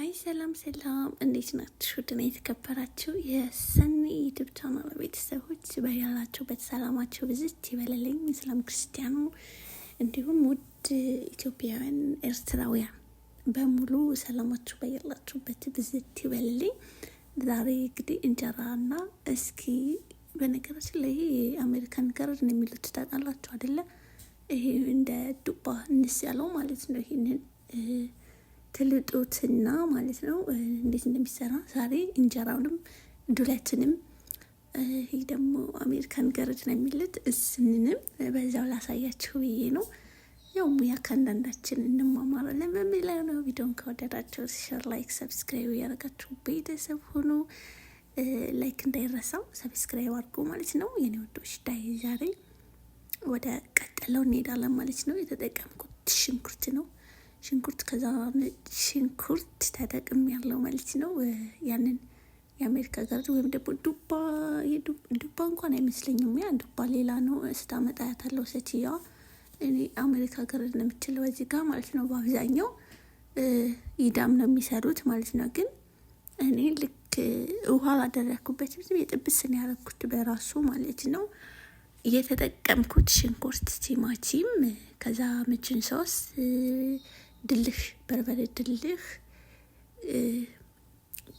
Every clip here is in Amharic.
አይ ሰላም ሰላም፣ እንዴት ናችሁ? ድና የተከበራችሁ የሰኒ ዩቱብ ቻናል ቤተሰቦች በያላችሁበት ሰላማችሁ ብዝት ይበለልኝ። እስላም ክርስቲያኑ፣ እንዲሁም ውድ ኢትዮጵያውያን ኤርትራውያን በሙሉ ሰላማችሁ በያላችሁበት ብዝት ይበልልኝ። ዛሬ እንግዲህ እንጀራና እስኪ በነገራችን ላይ አሜሪካን ገረድ ነው የሚሉት ታውቃላችሁ አይደለ? ይሄ እንደ ዱባ እንስ ያለው ማለት ነው ይሄንን ትልጡትና ማለት ነው። እንዴት እንደሚሰራ ዛሬ እንጀራውንም ዱለትንም ይህ ደግሞ አሜሪካን ገረድ ነው የሚልት እስንንም በዛው ላሳያችሁ ብዬ ነው። ያው ሙያ ከአንዳንዳችን እንማማራለን በሚለው ነው። ቪዲዮን ከወደዳቸው ሸር፣ ላይክ፣ ሰብስክራይብ እያደረጋችሁ ቤተሰብ ሆኖ ላይክ እንዳይረሳው ሰብስክራይብ አድርጎ ማለት ነው። የኔ ወዶች ዳይ ዛሬ ወደ ቀጠለው እንሄዳለን ማለት ነው። የተጠቀምኩት ሽንኩርት ነው። ሽንኩርት ከዛ ሽንኩርት ተጠቅም ያለው ማለት ነው። ያንን የአሜሪካ ጋር ወይም ደግሞ ዱባ ዱባ እንኳን አይመስለኝም። ያ ዱባ ሌላ ነው። ስታመጣ ያታለው ሴትዮዋ እኔ አሜሪካ ጋር እንደምችለው እዚህ ጋር ማለት ነው። በአብዛኛው ይዳም ነው የሚሰሩት ማለት ነው። ግን እኔ ልክ ውሃ ላደረግኩበት ብዙ የጥብስን ያረግኩት በራሱ ማለት ነው። የተጠቀምኩት ሽንኩርት፣ ቲማቲም፣ ከዛ ምችን ሶስ ድልህ በርበሬ ድልህ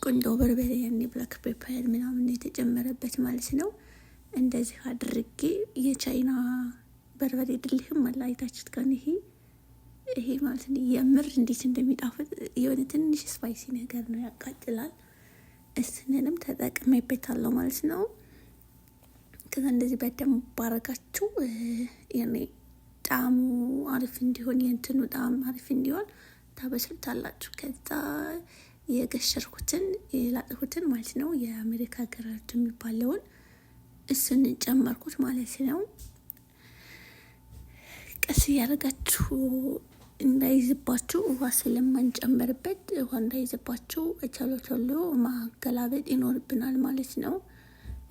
ቁንዶ በርበሬ ያኔ ብላክ ፔፐር ምናምን የተጨመረበት ማለት ነው። እንደዚህ አድርጌ የቻይና በርበሬ ድልህም አለ አይታችሁት ቀን ይሄ ይሄ ማለት ነው። የምር እንዴት እንደሚጣፍጥ የሆነ ትንሽ ስፓይሲ ነገር ነው፣ ያቃጥላል። እስንንም ተጠቅሜበታለሁ ማለት ነው። ከዛ እንደዚህ በደንብ ባረጋችሁ ያኔ ጣዕሙ አሪፍ እንዲሆን የእንትኑ ጣዕም አሪፍ እንዲሆን ታበስሉታላችሁ። ከዛ የገሸርኩትን የላጥሁትን ማለት ነው የአሜሪካ ገራርቱ የሚባለውን እሱን ጨመርኩት ማለት ነው። ቀስ እያደረጋችሁ እንዳይዝባችሁ ውሃ ስለማንጨምርበት ውሃ እንዳይዝባችሁ ቶሎ ቶሎ ማገላበጥ ይኖርብናል ማለት ነው።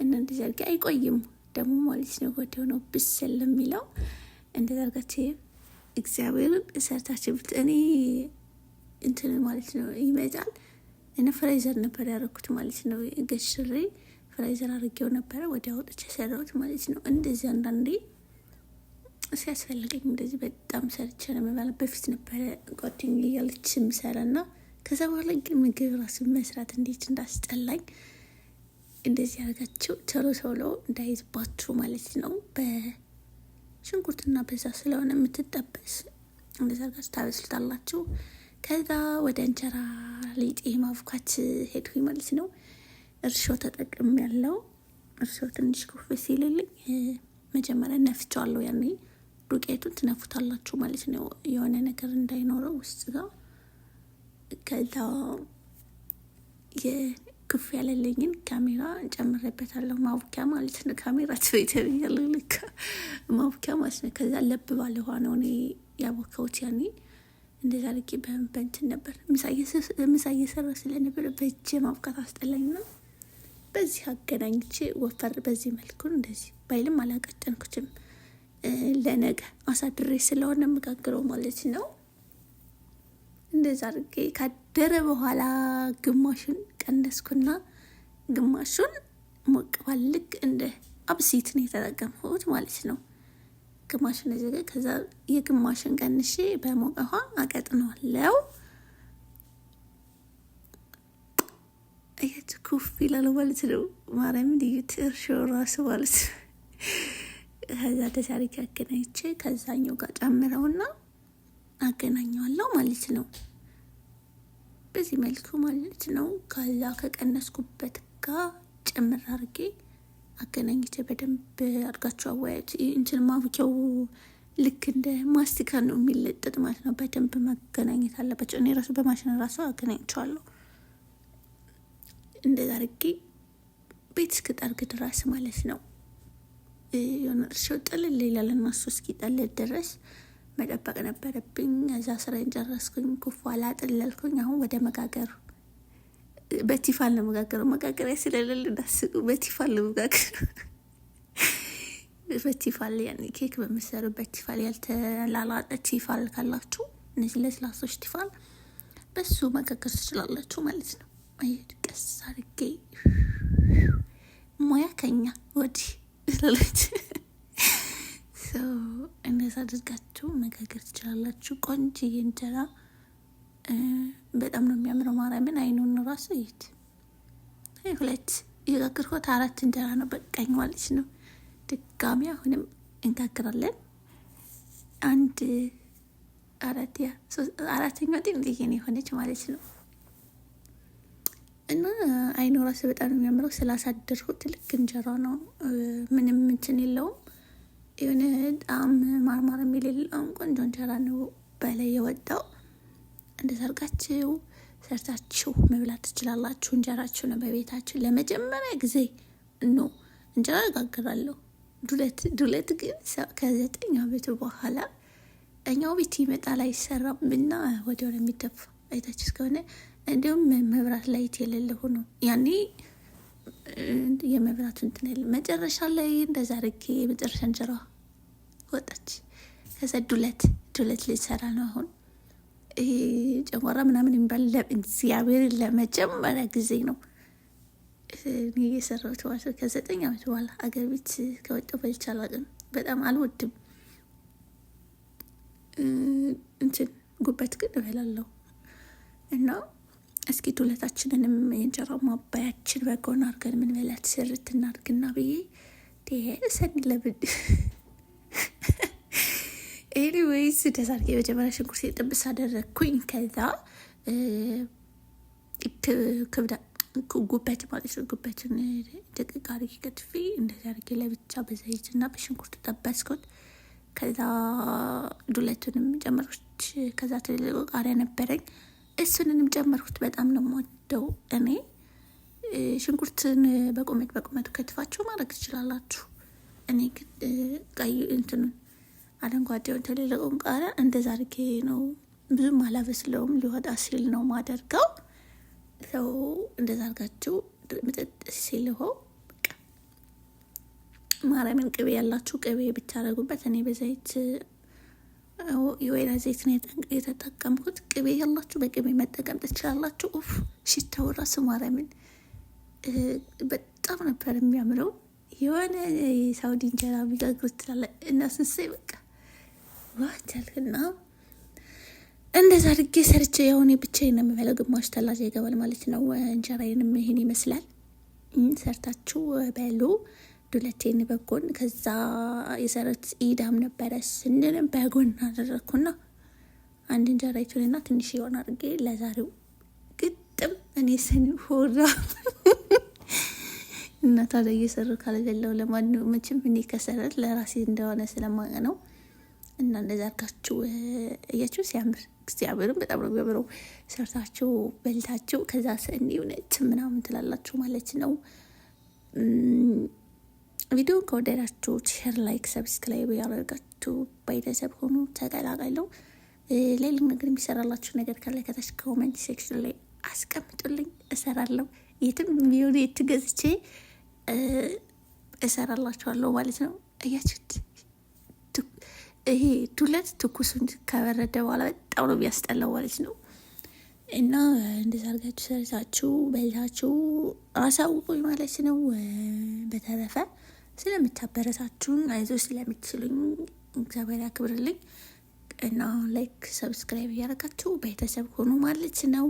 እና እንደዚያ አይቆይም ደግሞ ማለት ነው ወደ ሆነው ብስል የሚለው እንደዛ አድርጋችሁ እግዚአብሔርን ሰርታችሁ እኔ እንትን ማለት ነው ይመጣል እና ፍራይዘር ነበር ያደረኩት ማለት ነው። ገሽሪ ፍራይዘር አድርጌው ነበረ ወዲያ ወጥቼ የሰራሁት ማለት ነው። እንደዚህ አንዳንዴ ሲያስፈልገኝ እንደዚህ በጣም ሰርቼ ነው የምበላ። በፊት ነበረ ጓደኛዬ እያለች የምሰራ እና ከዛ በኋላ ግን ምግብ ራሱ መስራት እንዴት እንዳስጠላኝ እንደዚህ ያደርጋቸው ቶሎ ቶሎ እንዳይዝባችሁ ማለት ነው። በ ሽንኩርትና በዛ ስለሆነ የምትጠበስ እንደዛ አድርጋችሁ ታበስሉታላችሁ። ከዛ ወደ እንጀራ ሊጤ ማብኳት ሄድኩኝ ማለት ነው። እርሾ ተጠቅም ያለው እርሾ ትንሽ ኩፍ ሲልልኝ መጀመሪያ ነፍቸዋለሁ። ያኔ ዱቄቱን ትነፉታላችሁ ማለት ነው፣ የሆነ ነገር እንዳይኖረው ውስጥ ጋር ከዛ ክፍ ያለልኝን ካሜራ ጨምሬበታለሁ። ማቡኪያ ማለት ነው። ካሜራ ትቤተር ልካ ማቡኪያ ማለት ነው። ከዛ ለብ ባለ ውሃ ነው እኔ ያቦካሁት። ያኔ እንደዛ አድርጌ በንበንትን ነበር። ምሳ እየሰራ ስለነበር በእጄ ማብካት አስጠላኝ ነው። በዚህ አገናኝቼ ወፈር በዚህ መልኩ እንደዚህ ባይልም አላቀጨንኩትም። ለነገ አሳድሬ ስለሆነ መጋግረው ማለት ነው። እንደዛ አድርጌ ካደረ በኋላ ግማሹን ቀነስኩና ግማሹን ሞቅ ባልግ እንደ አብሲት ነው የተጠቀምኩት ማለት ነው። ግማሹን እዚህ ከዛ የግማሽን ቀንሼ በሞቀ ውሃ አቀጥነዋለው። እየት ኩፍ ይላል ማለት ነው። ማርያምን ልዩት እርሾ ራሱ ማለት ነው። ከዛ ተሳሪክ አገናኝቼ ከዛኛው ጋር ጨምረውና አገናኘዋለው ማለት ነው። በዚህ መልኩ ማለት ነው ካላ ከቀነስኩበት ጋር ጨምር አርጌ አገናኝቼ በደንብ አድርጋችሁ አወያዩት። እንትን ማቡኪያው ልክ እንደ ማስቲካ ነው የሚለጠጥ ማለት ነው። በደንብ መገናኘት አለባቸው። እኔ ራሱ በማሽን ራሱ አገናኝቸዋለሁ። እንደዛ አድርጌ ቤት እስክጠርግ ድረስ ማለት ነው የሆነ እርሻው ጥልል ይላል እና እሱ እስኪጠልል ድረስ መጠበቅ ነበረብኝ። እዛ ስራዬን ጨረስኩኝ፣ ኩፎ አላጥለልኩኝ። አሁን ወደ መጋገር በቲፋል ለመጋገር መጋገረው። መጋገሪያ ስለሌለ እንዳስቁ፣ በቲፋል ነው በቲፋል ያኔ ኬክ በምሰሩበት ቲፋል፣ ያልተላላጠ ቲፋል ካላችሁ እነዚህ ለስላሶች ቲፋል፣ በሱ መጋገር ትችላላችሁ ማለት ነው። ይሄድ ቀስ አድርጌ ሙያ ከኛ ወዲህ ለለች እንደዛ አድርጋችሁ መጋገር ትችላላችሁ። ቆንጅዬ እንጀራ በጣም ነው የሚያምረው። ማርያምን አይኑን ራሱ ይት ሁለት የጋገርኩት አራት እንጀራ ነው በቃኝ ማለት ነው። ድጋሚ አሁንም እንጋግራለን። አንድ አራተኛው ጤን ዜጌን የሆነች ማለት ነው። እና አይኑ ራሱ በጣም የሚያምረው ስላሳደርኩት ልክ እንጀራ ነው። ምንም እንትን የለውም። የሆነ ጣም ማርማር የሚል የሌለውን ቆንጆ እንጀራ ነው በላይ የወጣው። እንደ ሰርጋችሁ ሰርታችሁ መብላት ትችላላችሁ። እንጀራችሁ ነው በቤታችሁ። ለመጀመሪያ ጊዜ ኖ እንጀራ እጋግራለሁ። ዱለት ዱለት ግን ከዘጠኝ ዓመቱ በኋላ እኛው ቤት ይመጣ ላይ አይሰራም እና ወዲያው ነው የሚደፋ። አይታችሁ እስከሆነ እንዲሁም መብራት ላይት የሌለ ሆኖ ያኔ የመብራቱ እንትን መጨረሻ ላይ እንደዛ አድርጌ የመጨረሻ እንጀራ ወጣች። ከዛ ዱለት ዱለት ልሰራ ነው አሁን ይሄ ጨጓራ ምናምን የሚባል እግዚአብሔር ለመጀመሪያ ጊዜ ነው የሰራሁት ማለት ነው። ከዘጠኝ ዓመት በኋላ አገር ቤት ከወጣሁ በልቼ አላውቅም። በጣም አልወድም። እንትን ጉበት ግን እበላለሁ እና እስኪ ዱለታችንንም የእንጀራ ማባያችን በጎን አድርገን ምንበላት ስርት እናድርግና ብዬ ሰኒ ለብድ ኤኒዌይስ ደሳርጌ መጀመሪያ ሽንኩርት ጥብስ አደረግኩኝ። ከዛ ክብዳ ጉበት ማለት ነው። ጉበትን ደቂቃ አድርጌ ከትፌ እንደዚህ አርጌ ለብቻ በዘይት እና በሽንኩርት ጠበስኩት። ከዛ ዱለቱንም ጨመርኩት። ከዛ ትልልቁ ቃሪያ ነበረኝ እሱንንም ጨመርኩት። በጣም ነው የምወደው እኔ። ሽንኩርትን በቁመት በቁመቱ ከትፋችሁ ማድረግ ትችላላችሁ። እኔ ግን ቀይ እንትኑን አረንጓዴውን ትልልቁን ቃሪያ እንደዛ አድርጌ ነው ብዙም አላበስለውም። ሊወጣ ሲል ነው ማደርገው። ሰው እንደዛ አድርጋችሁ ምጥጥ ሲል ሆ ማርያምን ቅቤ ያላችሁ ቅቤ ብቻ አደረጉበት። እኔ በዘይት የወይራ ዘይት ነው የተጠቀምኩት። ቅቤ ያላችሁ በቅቤ መጠቀም ትችላላችሁ። ኡፍ ሽታው ራሱ ማርያምን በጣም ነበር የሚያምረው። የሆነ የሳውዲ እንጀራ ቢጋግሩት ትላለ እና ስንሴ በቃ ቻልክና እንደዛ አድርጌ ሰርቼ የሆነ ብቻዬን ነው የሚበለው። ግማሽ ተላዘ ይገባል ማለት ነው። እንጀራዬንም ይሄን ይመስላል። ሰርታችሁ በሉ ዱለቴን በጎን ከዛ የሰረት ኢዳም ነበረ ስንንም በጎን አደረግኩና አንድ እንጀራ ይቱንና ትንሽ የሆን አድርጌ ለዛሬው ግጥም እኔ ስን ሆራ እና ታዲያ እየሰሩ ካልበለው ለማንኛውም መቼም እኔ ከሰረት ለራሴ እንደሆነ ስለማውቅ ነው። እና እንደዚ አርጋችሁ እያችሁ ሲያምር እግዚአብሔርም በጣም ነው የሚያምረው። ሰርታችሁ በልታችሁ ከዛ ሰኒ እውነት ምናምን ትላላችሁ ማለት ነው። ቪዲዮን ከወደዳችሁ ሼር፣ ላይክ፣ ሰብስክራይብ ያደርጋችሁ ቤተሰብ ሆኑ ተቀላቀለው። ሌላ ነገር የሚሰራላችሁ ነገር ካለ ከታች ኮመንት ሴክሽን ላይ አስቀምጡልኝ፣ እሰራለሁ። የትም የሚሆን የት ገዝቼ እሰራላችኋለሁ ማለት ነው። እያችሁት ይሄ ዱለት ትኩሱን ከበረደ በኋላ በጣም ነው የሚያስጠላው ማለት ነው። እና እንደዛ አርጋችሁ ሰርታችሁ በልታችሁ አሳውቁኝ ማለት ነው። በተረፈ ስለምታበረታችሁን፣ አይዞ ስለምትችሉኝ እግዚአብሔር ያክብርልኝ እና ላይክ፣ ሰብስክራይብ እያደረጋችሁ ቤተሰብ ሆኑ ማለት ነው።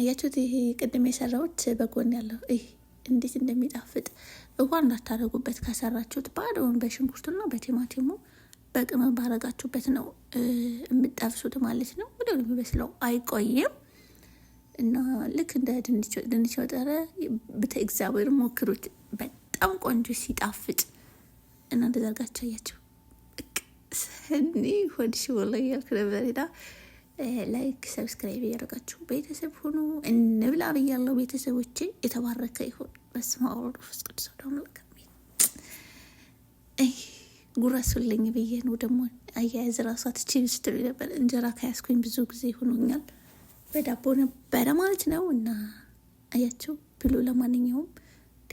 እያችሁት ይሄ ቅድም የሰራሁት በጎን ያለው ይህ እንዴት እንደሚጣፍጥ ውሃ እንዳታደረጉበት ከሰራችሁት ባዶውን በሽንኩርትና በቲማቲሙ በቅመም ባረጋችሁበት ነው የምጠብሱት ማለት ነው። ወዲያው የሚበስለው አይቆይም እና ልክ እንደ ድንች ወጠረ ብተ እግዚአብሔር ሞክሩት። በጣም ቆንጆ ሲጣፍጭ እና እንደዘርጋቸው አርጋችሁ አያችሁ እኔ ሆድሽ ወላ እያልኩ ነበር። ሄዳ ላይክ ሰብስክራይብ እያደረጋችሁ ቤተሰብ ሆኑ እንብላ ብያለሁ። ቤተሰቦቼ የተባረከ ይሁን። በስመ አብ ወወልድ ወመንፈስ ቅዱስ ወደ አምላክ አሜን። ጉረሱልኝ ብዬ ነው ደግሞ አያያዝ ራሷ ትችል ስትሉ ነበር። እንጀራ ከያዝኩኝ ብዙ ጊዜ ሆኖኛል። በዳቦ ነበረ ማለት ነው እና አያቸው ብሎ ለማንኛውም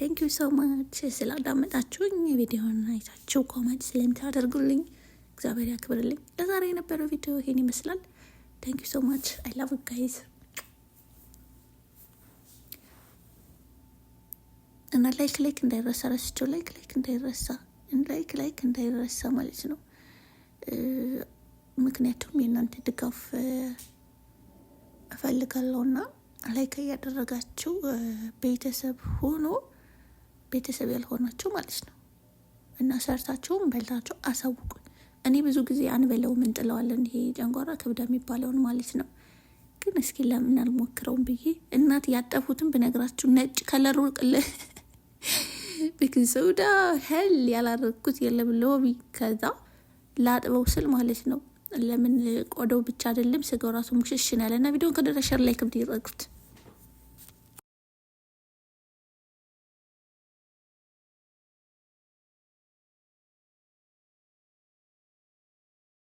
ቴንኪዩ ሰው ማች ስላዳመጣችሁኝ የቪዲዮን አይታችሁ ኮመንት ስለምታደርጉልኝ እግዚአብሔር ያክብርልኝ። ለዛሬ የነበረው ቪዲዮ ይሄን ይመስላል። ቴንኪዩ ሰው ማች አይ ላቭ ጋይዝ እና ላይክ ላይክ እንዳይረሳ ረስቸው ላይክ ላይክ እንዳይረሳ ላይክ ላይክ እንዳይረሳ ማለት ነው። ምክንያቱም የእናንተ ድጋፍ እፈልጋለሁና ላይክ እያደረጋችሁ ቤተሰብ ሆኖ ቤተሰብ ያልሆናቸው ማለት ነው እና ሰርታቸውም በልታቸው አሳውቁ። እኔ ብዙ ጊዜ አንበለውም እንጥለዋለን፣ ይሄ ጨንጓራ ክብዳ የሚባለውን ማለት ነው። ግን እስኪ ለምን አልሞክረውም ብዬ እናት ያጠፉትን ብነግራችሁ ነጭ ከለሩ ቤኪንግ ሶዳ ሄል ያላረግኩት የለም። ሎሚ ከዛ ላጥበው ስል ማለት ነው። ለምን ቆዳው ብቻ አይደለም ስጋው ራሱ ሙሽሽን ያለና ቪዲዮን ከደረሸር ላይ ክብድ ይረግፉት